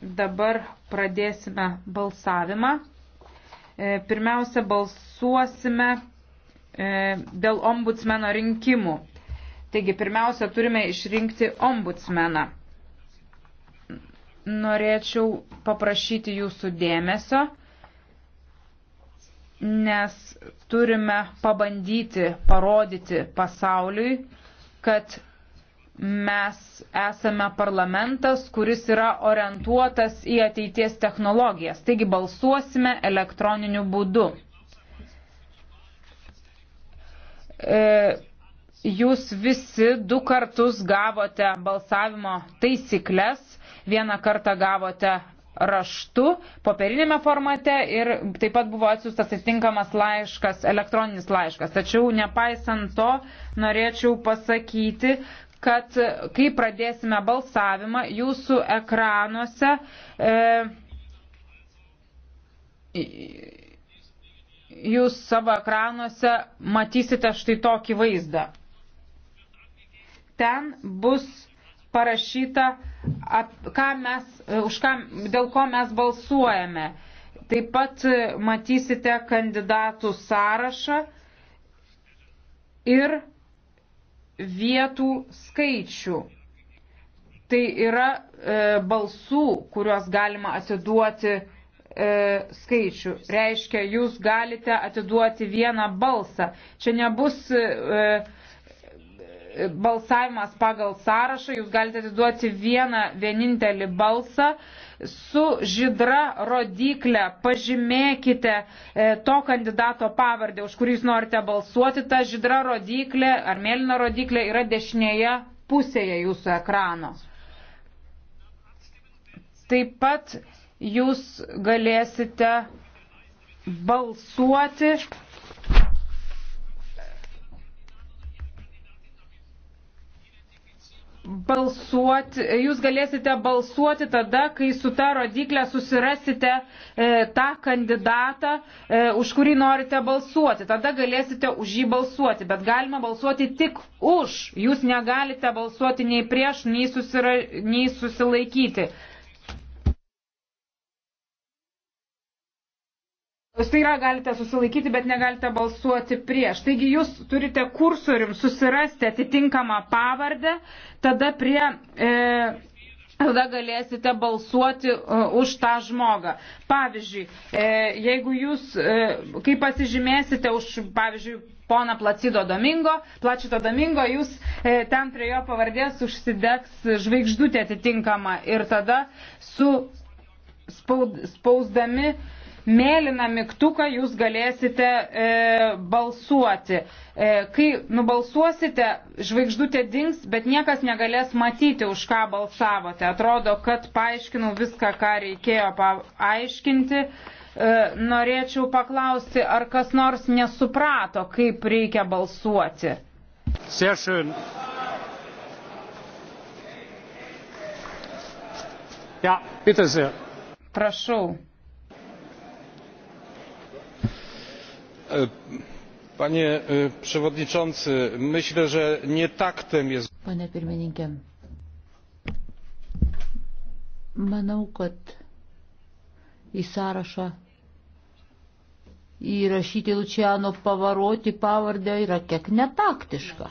dabar pradėsime balsavimą. E, pirmiausia, balsuosime e, dėl ombudsmeno rinkimų. Taigi, pirmiausia, turime išrinkti ombudsmeną. Norėčiau paprašyti jūsų dėmesio, nes turime pabandyti parodyti pasauliui, kad Mes esame parlamentas, kuris yra orientuotas į ateities technologijas. Taigi balsuosime elektroniniu būdu. E, Jūs visi du kartus gavote balsavimo taisyklės, vieną kartą gavote raštu, popierinėme formate ir taip pat buvo atsiųstas atitinkamas laiškas, elektroninis laiškas. Tačiau nepaisant to, norėčiau pasakyti, kad kai pradėsime balsavimą, jūsų ekranuose e, jūs savo ekranuose matysite štai tokį vaizdą. Ten bus parašyta, ap, ką mes, e, už ką, dėl ko mes balsuojame. Taip pat e, matysite kandidatų sąrašą ir vietų skaičių. Tai yra e, balsų, kuriuos galima atiduoti e, skaičių. Reiškia, jūs galite atiduoti vieną balsą. Čia nebus. E, balsavimas pagal sąrašą, jūs galite atiduoti vieną vienintelį balsą. Su žydra rodiklė pažymėkite e, to kandidato pavardę, už kurį jūs norite balsuoti. Ta žydra rodiklė ar mėlyna rodiklė yra dešinėje pusėje jūsų ekrano. Taip pat jūs galėsite balsuoti balsuoti, jūs galėsite balsuoti tada, kai su ta rodiklė susirasite e, tą kandidatą, e, už kurį norite balsuoti. Tada galėsite už jį balsuoti, bet galima balsuoti tik už. Jūs negalite balsuoti nei prieš, nei, susira, nei susilaikyti. Tai yra, galite susilaikyti, bet negalite balsuoti prieš. Taigi jūs turite kursorium susirasti atitinkamą pavardę, tada prie. E, Tada galėsite balsuoti uh, už tą žmogą. Pavyzdžiui, e, jeigu jūs, e, kai pasižymėsite už, pavyzdžiui, pona Placido Domingo, Placido Domingo, jūs e, ten prie jo pavardės užsidegs žvaigždutė atitinkama ir tada su spaud, spausdami e, mėlyną mygtuką jūs galėsite e, balsuoti. E, kai nubalsuosite, žvaigždutė dings, bet niekas negalės matyti, už ką balsavote. Atrodo, kad paaiškinau viską, ką reikėjo paaiškinti. E, norėčiau paklausti, ar kas nors nesuprato, kaip reikia balsuoti. Sehr schön. Ja, bitte sehr. Prašau. E, panie e, przewodniczący myślę że nie taktem jest. pone pirmininke manau kad į sąrašą įrašyti lučiano pavaroti pavardę yra kiek netaktiška.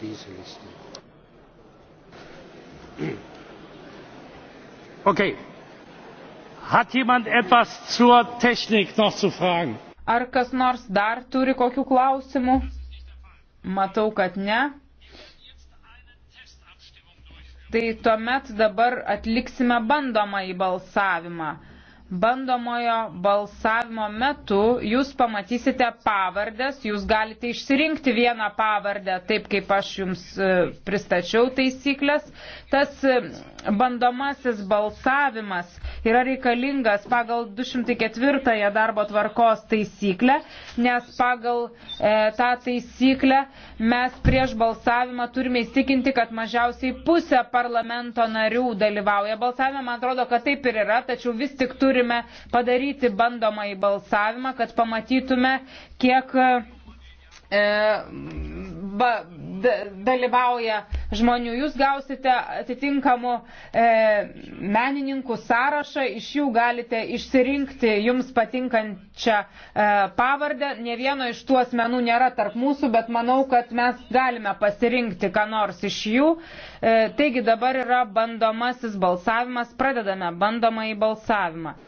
Diese Liste. Okay. Hat jemand etwas zur Technik noch zu fragen? Ar kas nors dar turi kokių klausimų? Matau, kad ne. Tai tuomet dabar atliksime bandomą į balsavimą bandomojo balsavimo metu jūs pamatysite pavardės, jūs galite išsirinkti vieną pavardę, taip kaip aš jums e, pristačiau taisyklės. Tas e, bandomasis balsavimas yra reikalingas pagal 204 darbo tvarkos taisyklę, nes pagal e, tą taisyklę mes prieš balsavimą turime įsitikinti, kad mažiausiai pusė parlamento narių dalyvauja balsavime. Man atrodo, kad taip ir yra, tačiau vis tik turi turime padaryti bandomąjį balsavimą, kad pamatytume, kiek E, ba, dalyvauja žmonių. Jūs gausite atitinkamų e, menininkų sąrašą, iš jų galite išsirinkti jums patinkančią e, pavardę. Ne vieno iš tų asmenų nėra tarp mūsų, bet manau, kad mes galime pasirinkti ką nors iš jų. E, taigi dabar yra bandomasis balsavimas, pradedame bandomąjį balsavimą.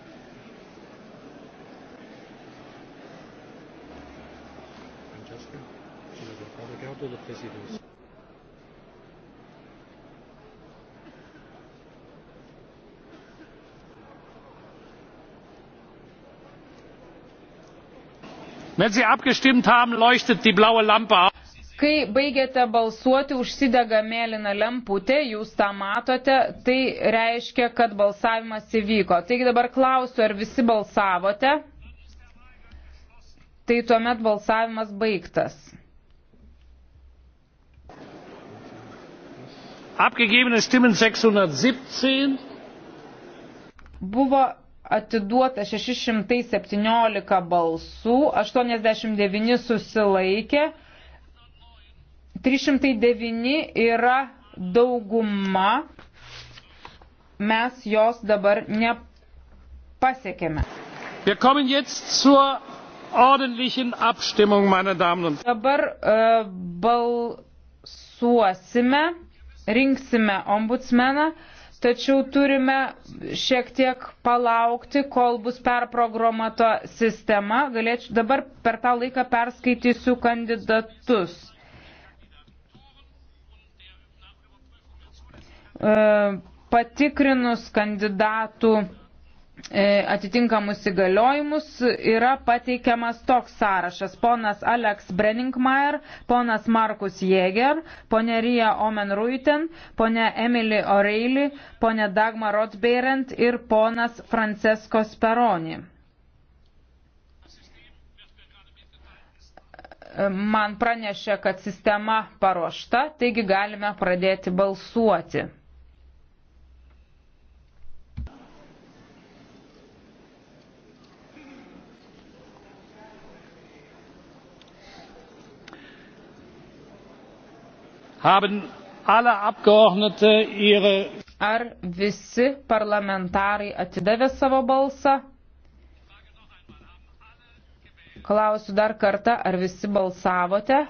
Monsieur le Président. Wenn Sie abgestimmt haben, leuchtet die blaue Lampe auf. Kai baigėte balsuoti, užsidega mėlyna lemputė, jūs tą matote, tai reiškia, kad balsavimas įvyko. Taigi dabar klausiu, ar visi balsavote? Tai tuomet balsavimas baigtas. abgegebene Stimmen 617. Buvo atiduota 617 balsų, 89 susilaikė, 309 yra dauguma, mes jos dabar nepasiekėme. Wir kommen jetzt zur ordentlichen Abstimmung, meine Damen und Herren. Dabar äh, balsuosime rinksime ombudsmeną, tačiau turime šiek tiek palaukti, kol bus perprogramuota sistema. Galėčiau, dabar per tą laiką perskaitysiu kandidatus. E, patikrinus kandidatų E, atitinkamus įgaliojimus yra pateikiamas toks sąrašas. Ponas Alex Brenningmeier, ponas Markus Jäger, ponė Rija Omen Ruiten, ponė Emily O'Reilly, ponė Dagmar Rotbeirent ir ponas Francesco Speroni. E, man pranešė, kad sistema paruošta, taigi galime pradėti balsuoti. Ar visi parlamentarai atidavė savo balsą? Klausiu dar kartą, ar visi balsavote?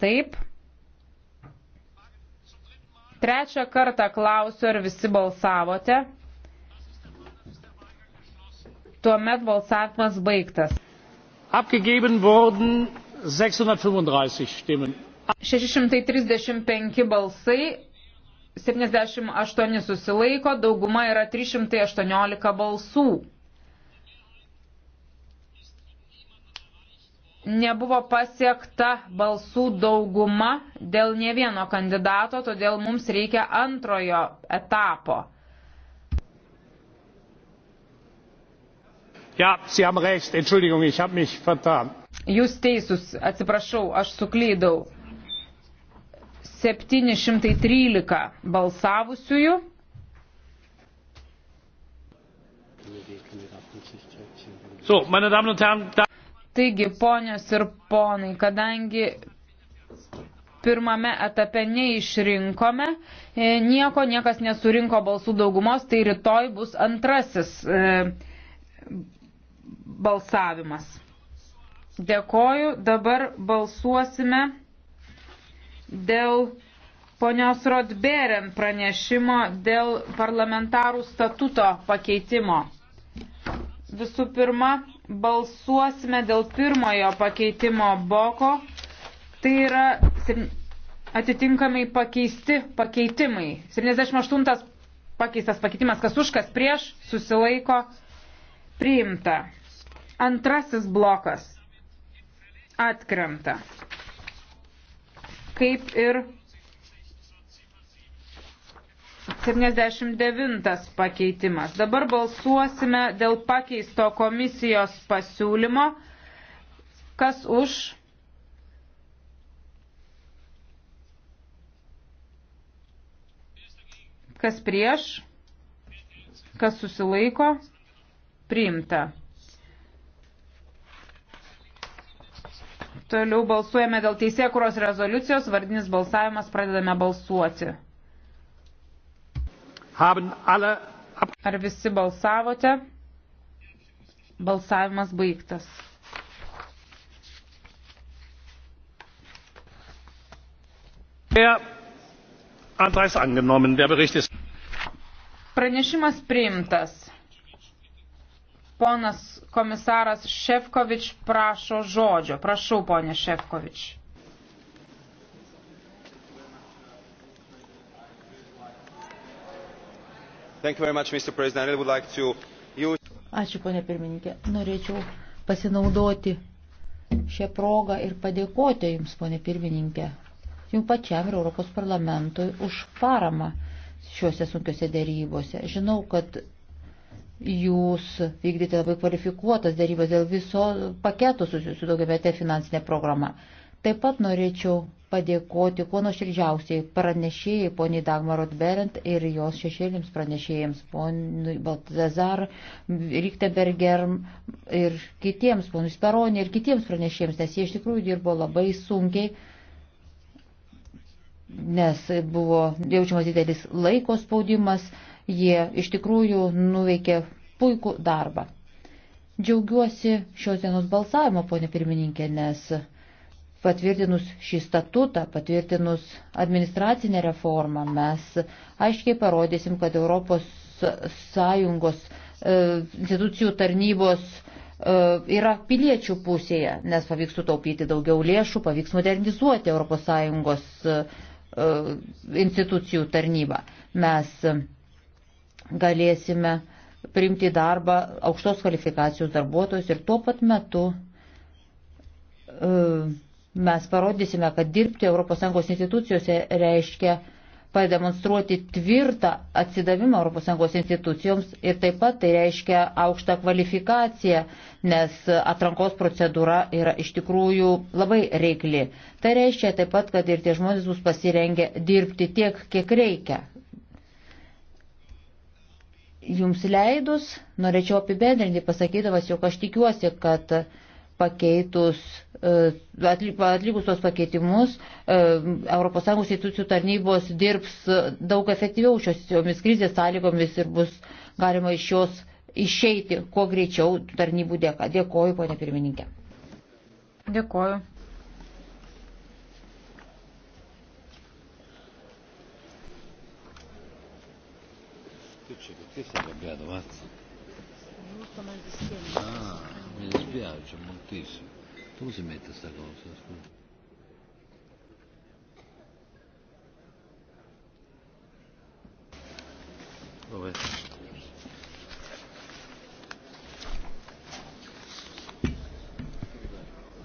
Taip. Trečią kartą klausiu, ar visi balsavote. Tuomet balsavimas baigtas. Abgegeben wurden 635 stimmen. 635 balsai, 78 susilaiko, dauguma yra 318 balsų. Nebuvo pasiekta balsų dauguma dėl ne vieno kandidato, todėl mums reikia antrojo etapo. Ja, Sie haben recht. Entschuldigung, ich habe mich vertan. Jūs teisus, atsiprašau, aš suklydau. 713 balsavusiųjų. So, meine Damen und Herren, da Taigi, ponios ir ponai, kadangi pirmame etape neišrinkome, e, nieko niekas nesurinko balsų daugumos, tai rytoj bus antrasis e, balsavimas. Dėkoju. Dabar balsuosime dėl ponios Rodberen pranešimo dėl parlamentarų statuto pakeitimo. Visų pirma, balsuosime dėl pirmojo pakeitimo boko. Tai yra atitinkamai pakeisti pakeitimai. 78 pakeistas pakeitimas, kas už, kas prieš, susilaiko, priimta. Antrasis blokas atkrenta. Kaip ir 79 pakeitimas. Dabar balsuosime dėl pakeisto komisijos pasiūlymo. Kas už? Kas prieš? Kas susilaiko? Priimta. Toliau balsuojame dėl teisėkuros rezoliucijos. Vardinis balsavimas pradedame balsuoti. Ar visi balsavote? Balsavimas baigtas. Pranešimas priimtas. Ponas komisaras Šefkovič prašo žodžio. Prašau, ponė Šefkovič. Much, like to... Ačiū, ponė pirmininkė. Norėčiau pasinaudoti šią progą ir padėkoti Jums, ponė pirmininkė, Jums pačiam ir Europos parlamentui už paramą šiuose sunkiuose dėrybose. Žinau, kad jūs vykdyti labai kvalifikuotas darybas dėl viso paketo susijusių daugiametė finansinė programa. Taip pat norėčiau padėkoti kuo nuoširdžiausiai pranešėjai poniai Dagmarot Berent ir jos šešėlėms pranešėjams, poniai Baltazar, Rikteberger ir kitiems, poniai Speronė ir kitiems pranešėjams, nes jie iš tikrųjų dirbo labai sunkiai, nes buvo jaučiamas didelis laiko spaudimas Jie iš tikrųjų nuveikė puikų darbą. Džiaugiuosi šios dienos balsavimo, ponė pirmininkė, nes patvirtinus šį statutą, patvirtinus administracinę reformą, mes aiškiai parodėsim, kad Europos Sąjungos e, institucijų tarnybos e, yra piliečių pusėje, nes pavyks sutaupyti daugiau lėšų, pavyks modernizuoti ES e, institucijų tarnybą. Mes galėsime priimti darbą aukštos kvalifikacijos darbuotojus ir tuo pat metu e, mes parodysime, kad dirbti ES institucijose reiškia pademonstruoti tvirtą atsidavimą ES institucijoms ir taip pat tai reiškia aukštą kvalifikaciją, nes atrankos procedūra yra iš tikrųjų labai reikli. Tai reiškia taip pat, kad ir tie žmonės bus pasirengę dirbti tiek, kiek reikia, Jums leidus, norėčiau apibendrinti pasakydamas, jog aš tikiuosi, kad pakeitus, e, atlikus tos pakeitimus, ES institucijų tarnybos dirbs daug efektyviau šiomis krizės sąlygomis ir bus galima iš jos išeiti kuo greičiau tarnybų dėka. Dėkoju, ponė pirmininkė. Dėkoju. che c'è? Perché sei arrabbiato, Mazza? Molto mal di schiena. Ah, mi dispiace moltissimo. Dove si mette sta cosa, scusa? Dov'è?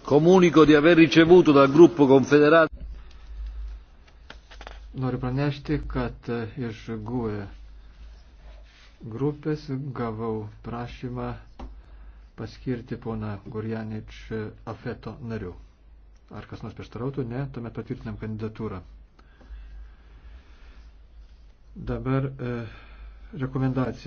Comunico di aver ricevuto dal gruppo confederato Noriu pranešti, kad eh, iš GUE grupės gavau prašymą paskirti poną Gurjanič Afeto nariu. Ar kas nors prieštarautų? Ne, tuomet patvirtinam kandidatūrą. Dabar e, rekomendacija.